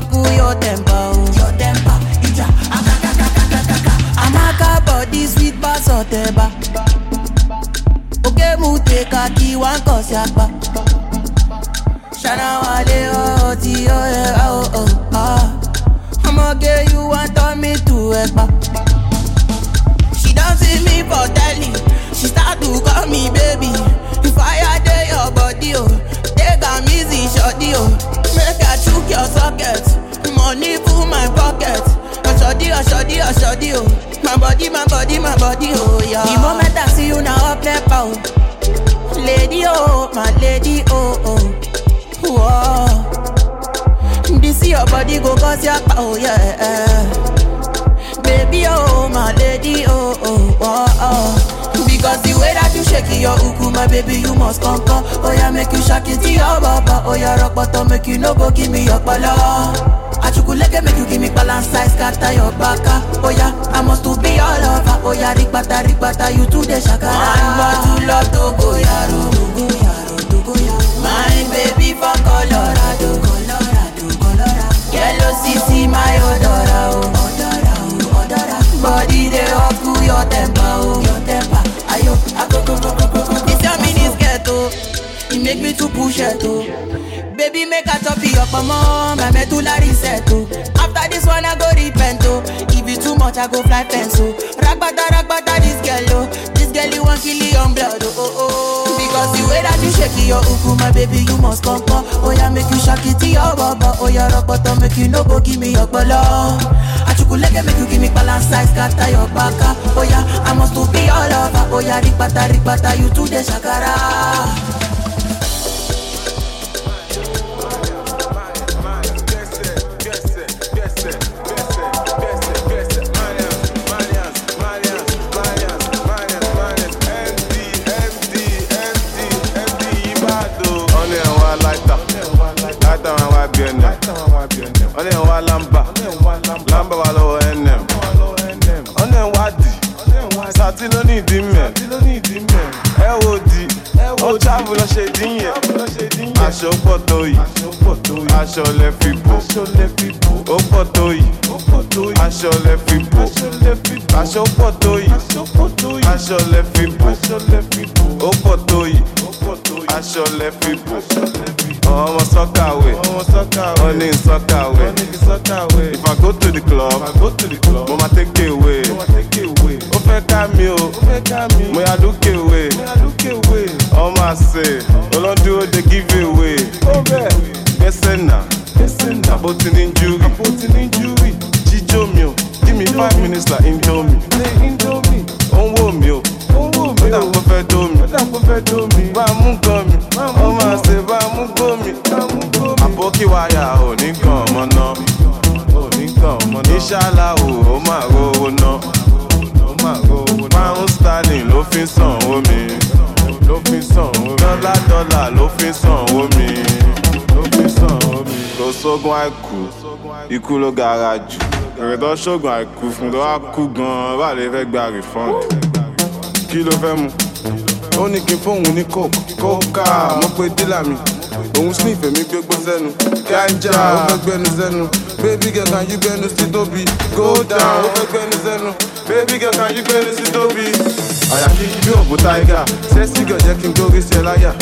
buckle your temper. Your temper, it's ija, akaka, kaka, kaka. Amaka body sweet pass or teba. Oge mu take a key one cause ya, yapa. Shana wale o ti o e o o ah. I'ma get you want turn me to a pa. She don't see me for telly. She start to call me baby. Fire day your body oh body, oh. Make I choke your socket. Money full my pocket. Ashodi, ashodi, ashodi, oh. My body, my body, my body, oh, yeah. The moment I see you now, I play out. Lady, oh, my lady, oh, oh. Whoa. This your body go cause your power, yeah. Baby, oh, my lady, oh, oh, oh, oh. Because the way that you shake your uku, my baby, you must come come. Oh yeah, make you shake it to your baba. Oh yeah, rock bottom, make you no go give me your bala. Achukuleke make you give me balance size, scatter your baka. Oh yeah, I must to be your lover. Oh yeah, rigbata rigbata, you too the shakara. One more to love to go yaro, My baby from Colorado, Colorado, Colorado. Yellow CC my odora, oh. odora, oh, odora. Body they off to your temper, oh. your temper yo. I go go This ghetto, mini it make me to push it oh. Baby make a top up mama, my me to la reset oh. After this one I go repent oh. If it too much I go fly fence oh. rock butter, this girl oh. Girl, you want kill your blood, oh, oh, oh. Because the way that you shake your uku, oh, my baby, you must come, come. Oh, yeah, make you shake it, to your baba. Oh, yeah, rock bottom, make you no go, give me your bala. Achukuleke, make you give me balance size, kata your baka. Oh, yeah, I must to be all over. Oh, yeah, ripata, ripata, you to the shakara. ọ̀nà ìwà lamba lamba wà lọ́wọ́ nm ọ̀nà ìwà dì sátí ló ní ìdí mẹ́ ẹ wo di ó travel lọ ṣe dín yẹn aṣọ pọ̀ tó yìí aṣọ lẹ fi bò ó pọ̀ tó yìí aṣọ lẹ fi bò aṣọ pọ̀ tó yìí aṣọ lẹ fi bò ó pọ̀ tó yìí aṣọ lẹ fi bò ọmọ sọ́kàwé ọní sọ́kàwé if i go to the club mo ma take away ó fẹ́ ká mi o mo yà lókèwé ọmọ àṣẹ olóńdúró dey give away. we Gesena Abotini injury Abotini injury Jijo mi o Give me five minutes la indomie Indomie Onwo mi o Onwo mi o Bẹ́ẹ̀ mo fẹ́ dó mi Bẹ́ẹ̀ mo fẹ́ dó mi Bá mú gan mi Ọmọ àṣẹ bá mú gó mi Àbókí wáyà ò ní kan ọmọ náà Ò ní kan ọmọ náà Ìṣàlà o, ó máa rówó náà Ó máa rówó náà Márùn-ún stanley ló fi sàn omi ló fi sàn omi. dọ́là dọ́là ló fi sàn omi. ló fi sàn omi. kò sógun àìkú ikú ló gara jù. èrè tó ṣògùn àìkú fún tó wá kú gan-an bá lè fẹ́ gba rìfọ́n. kí ló fẹ́ mu? ó ní kí fóun ní kókà mo pe dílà mi òun sniff èmi gbégbó sẹ́nu ganja ó fẹ́ gbẹnu sẹ́nu baby girl can you gbẹnu sí tóbi go down ó fẹ́ gbẹnu sẹ́nu baby girl can you gbẹnu sí tóbi. àyà kí bí òbú tiger sẹ́sì gàn jẹ́ kí n gbórí sí ẹ láyà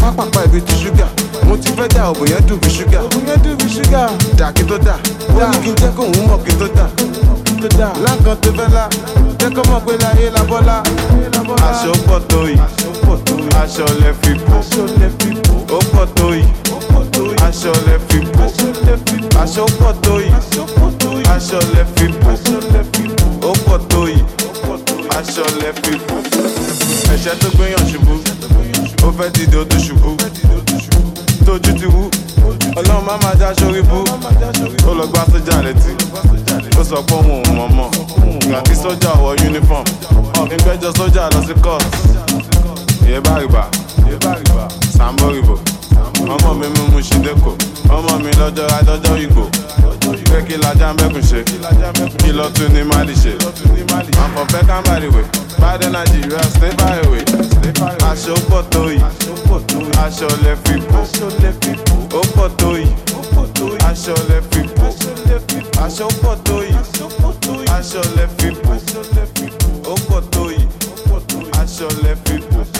pápápá ibi ti ṣúgà mo ti fẹ́ dà òbò yẹn dùn bí ṣúgà òbò yẹn dùn bí ṣúgà dà kí tó dà ó ní kí n jẹ́ kóun mọ̀ kí tó dà tó tó fẹ́ la jẹ́ kó mọ̀ pé láyé la bọ́lá aṣọ pọ̀ tó yìí aṣọ lẹ fi bò ó pọ̀ tó yìí aṣọ lẹ fi bò aṣọ pọ̀ tó yìí aṣọ lẹ fi bò ó pọ̀ tó yìí aṣọ lẹ fi bò. ẹ̀ṣẹ̀ tó gbéyàn ṣubú ó fẹ́ ti di odò ṣubú tójú ti wú ọlọ́run má máa já sórí bú ó lọ gbá sójà létí ó sọ pé òun ò mọ̀ mọ̀ ìgbà tí sójà wọ uniform ìgbẹ́jọ́ sójà lọ sí court yeba riba sambo ribo ọmọ mi mú mu ṣe dẹ́kọ̀ ọmọ mi lọ́jọ́ adọ́jọ́ ìgbò pé kí lajá mẹ́kùn ṣe kí lọ tún ní mali ṣe i'm from pekan by the way biden stay by the way aṣọ pọ̀ tó yìí aṣọ lè fi bò ó pọ̀ tó yìí aṣọ lè fi bò aṣọ pọ̀ tó yìí aṣọ lè fi bò ó pọ̀ tó yìí aṣọ lè fi bò.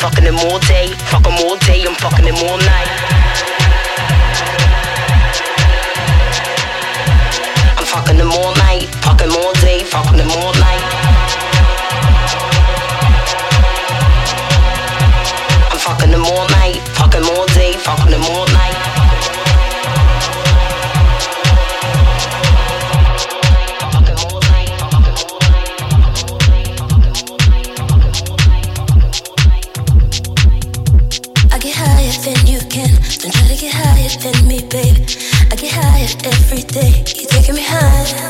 fucking him all day, fuck him all day, I'm fucking him all night. I'm fucking him all night, fuck him all day, fucking him all night. I'm fucking him all night, fucking all day, fucking him all night. I get higher every day. You're taking me higher.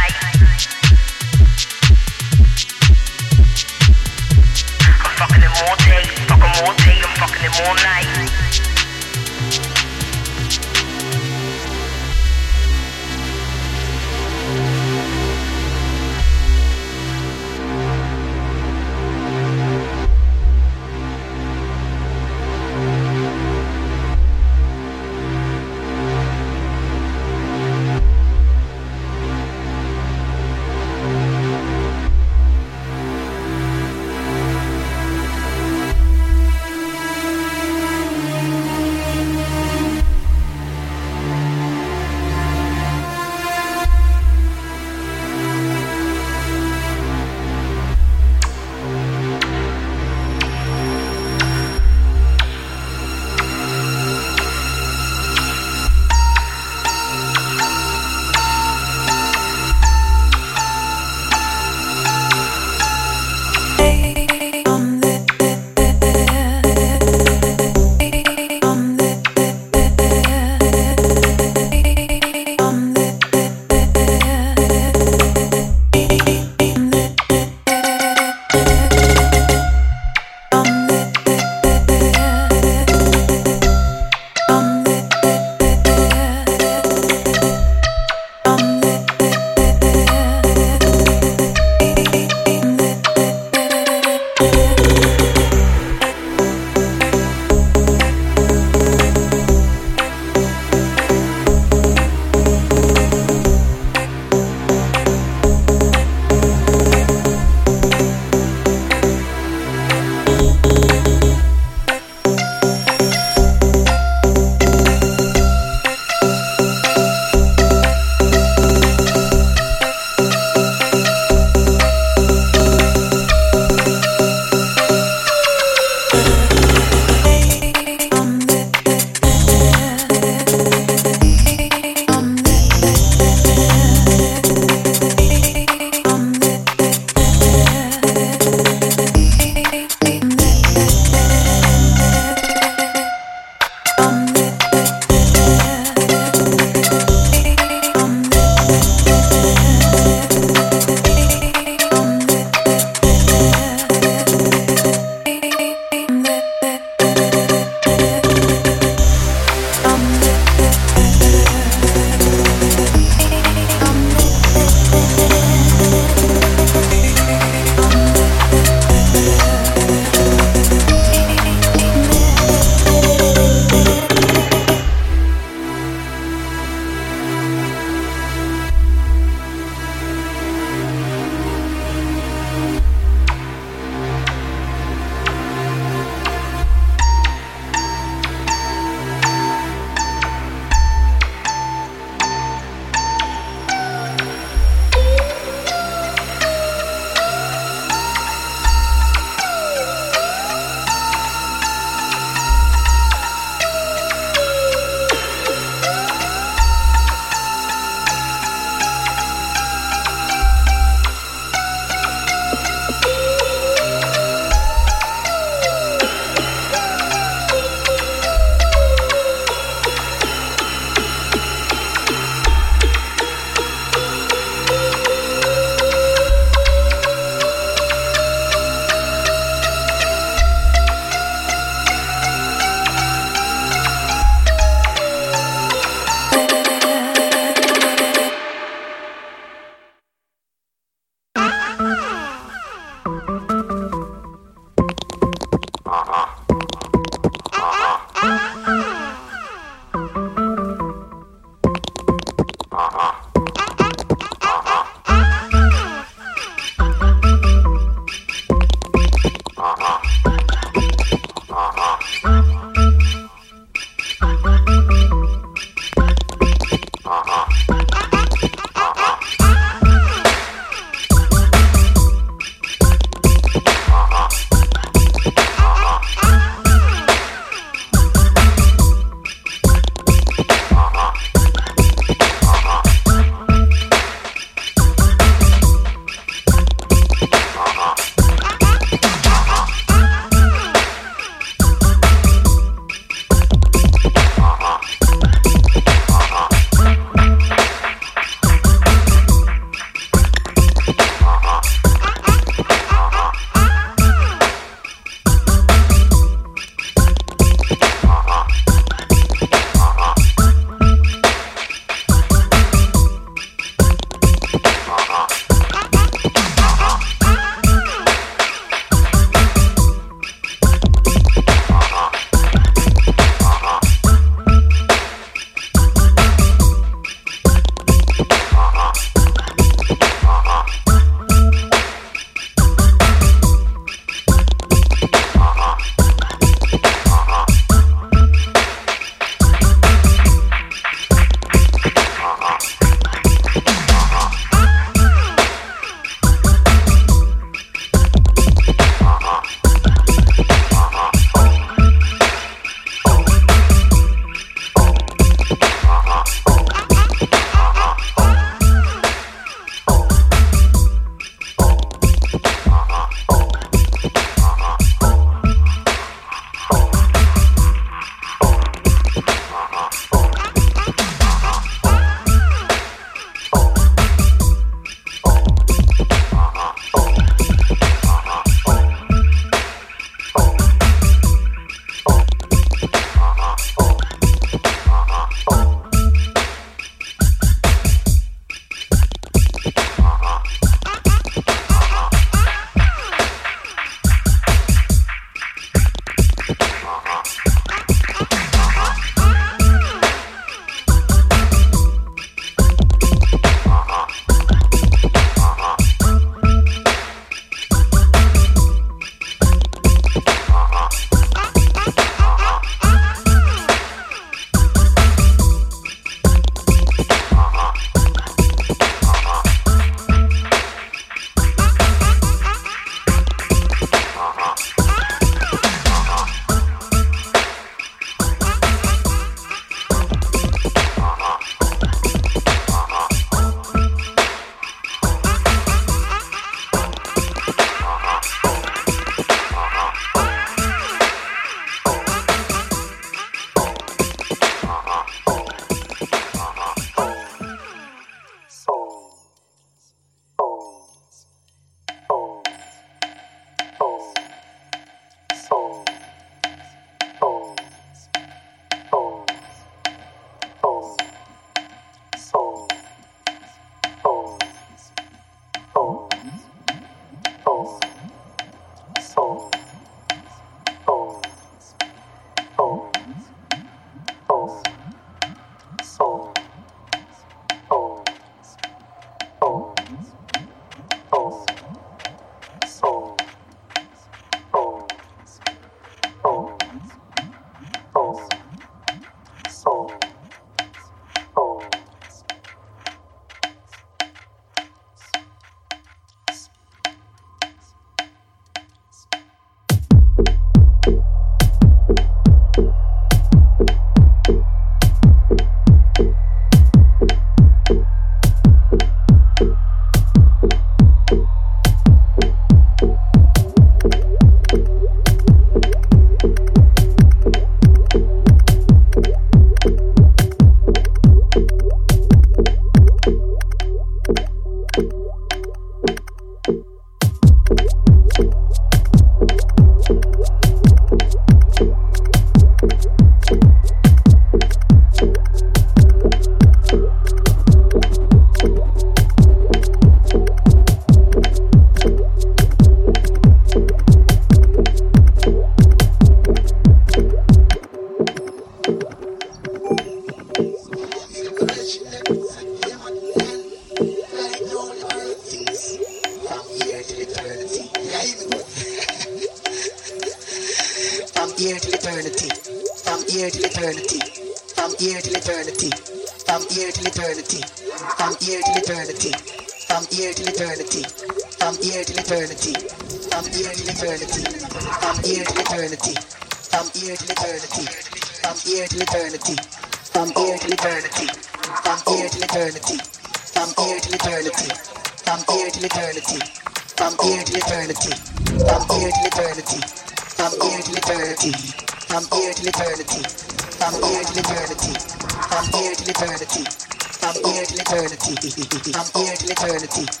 Eternity. I'm here till eternity.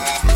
Thank you.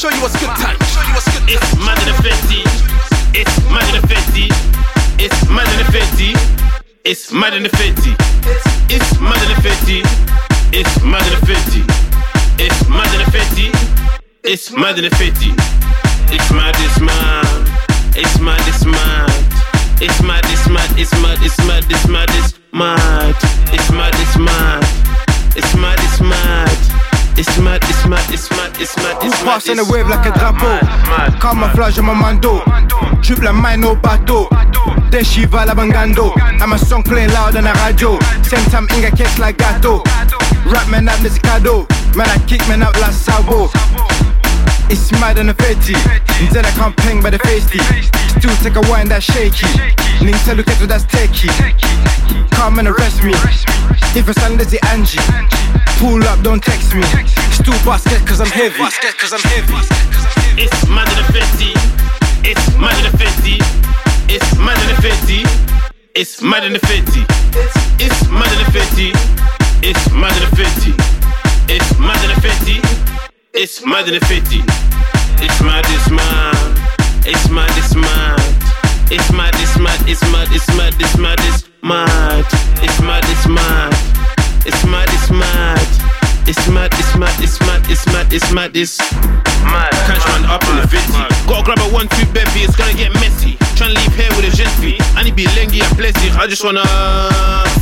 show you what's good time. It's madder than 50. It's madder than 50. It's madder than 50. It's madder than 50. It's madder than 50. It's madder than 50. It's mad than 50. It's madder than 50. It's mad, it's mad. It's mad, it's mad. It's mad, it's mad, it's mad, it's mad, it's mad, it's mad. It's mad, it's mad. It's mad, it's mad it's mad, it's mad, it's mad, it's mad, it's mad. Pass in the wave like a drapeau. Camouflage on my mando. Trip la mine, no bateau. Then she va la bangando. I'm a song playing loud on the radio. Same time, Inga kicks like gato. Rap man up, this cadeau. Man, I kick man up like Sabo. It's mad and a fetty Instead I can't ping, by the facey Still take a wine that's shaky Nintendo you, that's techie Come and arrest me If a son is Angie Pull up, don't text me Still basket cause I'm heavy cause I'm heavy It's mad and a fetty It's mad and a fetty It's mad and a fetty it's mad in the 50. It's mad in the 50. It's mad in the 50. It's mad in the 50. It's mad than 50. It's mad, it's mad. It's mad, it's mad. It's mad, it's mad, it's mad, it's mad, it's mad, it's mad. It's mad, it's mad. It's mad, it's mad. It's mad, it's mad, it's mad, it's mad, it's mad, it's mad. Catch man up in the 50 Gotta grab a one, two bevy, it's gonna get messy. Tryna leave here with a gentry. I need be lengi a blessing. I just wanna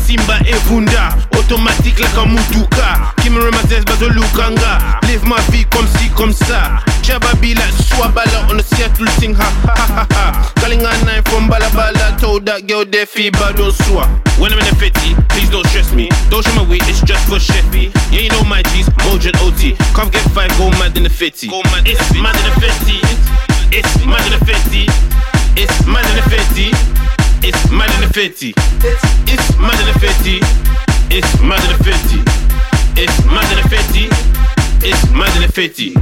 Simba Evunda, automatic like a Mutuka. Kimura me remasse bas au Lukanga. Live ma vie comme si, comme ça. Chababi like Swabala on the Seattle thing. Ha ha ha ha. Calling a nine from Balabala. Told that girl their fever don't swap. When I'm in the 50, please don't stress me. Don't show my weight, it's just for Sheffy. Yeah, you know my my G's, Mojo OT. can get five, go mad in the 50. it's mad in the 50. It's mad in the 50. It's mad in the 50. It's mad in the 50. It's mad in the 50. It's mad in the 50. It's mad in the 50. It's mad in the 50.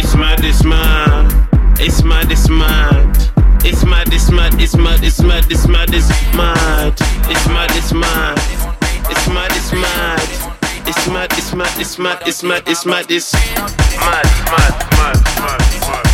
It's mad, it's mad. It's mad, it's mad. It's mad, it's mad, it's mad, it's mad, it's mad, it's mad. It's mad, it's mad. It's mad, it's mad. It's mad, it's mad it's mad, it's mad, it's mad, it's mad, it's mad, it's mad, mad, mad, mad, mad.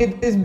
It is. this